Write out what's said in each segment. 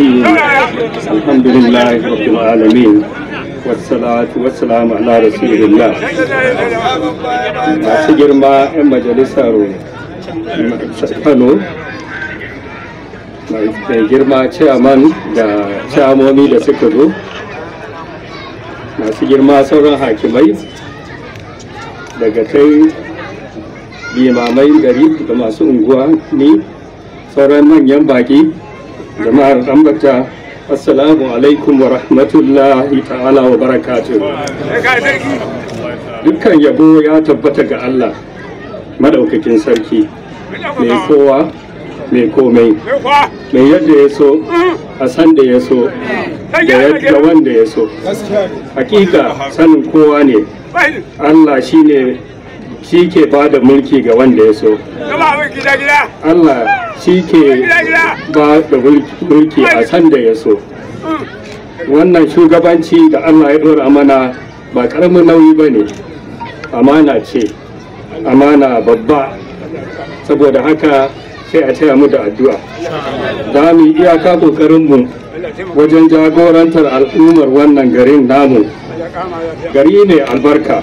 الكريم الحمد لله رب العالمين والصلاة والسلام على رسول الله masu girma majalisar kano mai girma ciyaman da ciyamomi da suka zo masu girma sauran hakimai daga kai limamai gari da masu unguwa ne sauran manyan baƙi. jama'ar ambata assalamu alaikum wa rahmatullahi ta'ala wa barakatu dukkan yabo ya tabbata ga Allah madaukakin sarki mai kowa mai komai mai yadda ya so a san da ya so da yadda wanda ya so hakika sanin kowa ne Allah shine shi ke ba da mulki ga wanda ya so Allah shi ke ba da mulki a sanda ya so mm. wannan shugabanci da Allah ya ɗora mana ba ƙaramin nauyi ba ne amana ce amana babba saboda haka sai a taya mu da addu'a za mu iyaka ƙoƙarinmu wajen jagorantar al'ummar wannan garin namu gari ne albarka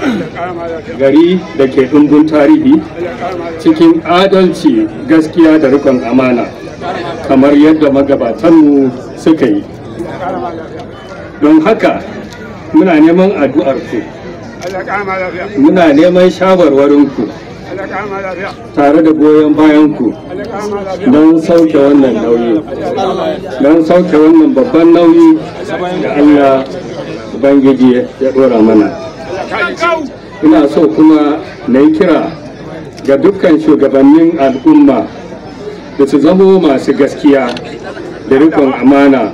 gari da ke ɗumbin tarihi cikin adalci gaskiya da rikon amana kamar yadda magabatanmu suka yi don haka muna neman addu'arku muna neman shawarwarinku tare da goyon bayanku don sauke wannan nauyi don sauke wannan babban nauyi da allah ubangiji ya ɗora mana ina so kuma na yi kira ga dukkan shugabannin al'umma da su zamo masu gaskiya da rikon amana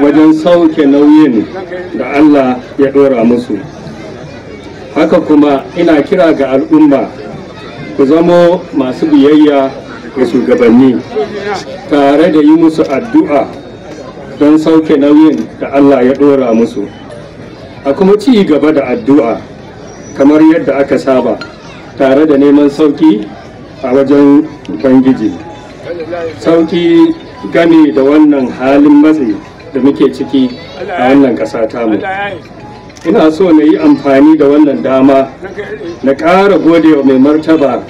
wajen sauke nauyin da allah ya ɗora musu haka kuma ina kira ga al'umma ku zamo masu biyayya ga shugabanni tare da yi musu addu'a don sauke nauyin da Allah ya ɗora musu. a kuma ci gaba da addu'a kamar yadda aka saba tare da neman sauki a wajen bangiji, sauki game da wannan halin matsi da muke ciki a wannan ƙasa mu. ina so na yi amfani da wannan dama na ƙara gode wa mai martaba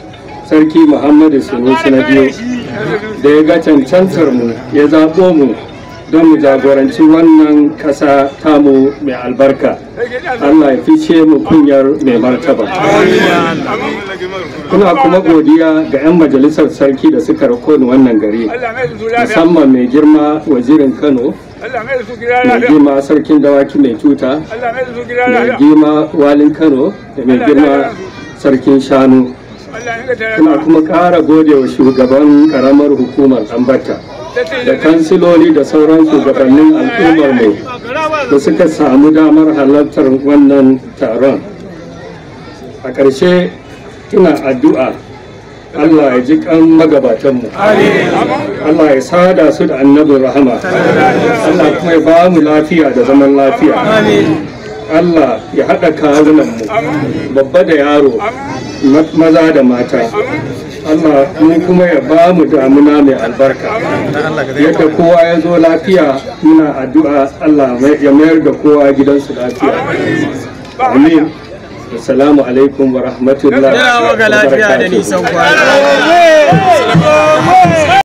sarki muhammadu sunusi na biyu da ya ga cancantar mu ya zaɓo mu don mu jagoranci wannan ƙasa tamu mai albarka Allah ya fice mu kunyar mai martaba kuna kuma godiya ga 'yan majalisar sarki da suka rako ni wannan gari musamman mai girma wazirin kano mai girma sarkin dawaki mai tuta mai girma walin kano da mai girma sarkin shanu Kuna kuma kara gode wa shugaban ƙaramar hukumar ambata da kansiloli da sauran shugabannin al'ummar mu da suka samu damar halartar wannan taron a ƙarshe ina addu'a Allah ya ji kan magabatanmu Allah ya sada su da annabin rahama Allah kuma ya ba mu lafiya da zaman lafiya Allah ya haɗa mu babba da yaro maza da mata Allah mu kuma ya ba mu damuna mai albarka yadda kowa ya zo lafiya muna addu'a Allah ya mayar da kowa gidansu lafiya amin assalamu alaikum wa rahmatullahi wa barakatuh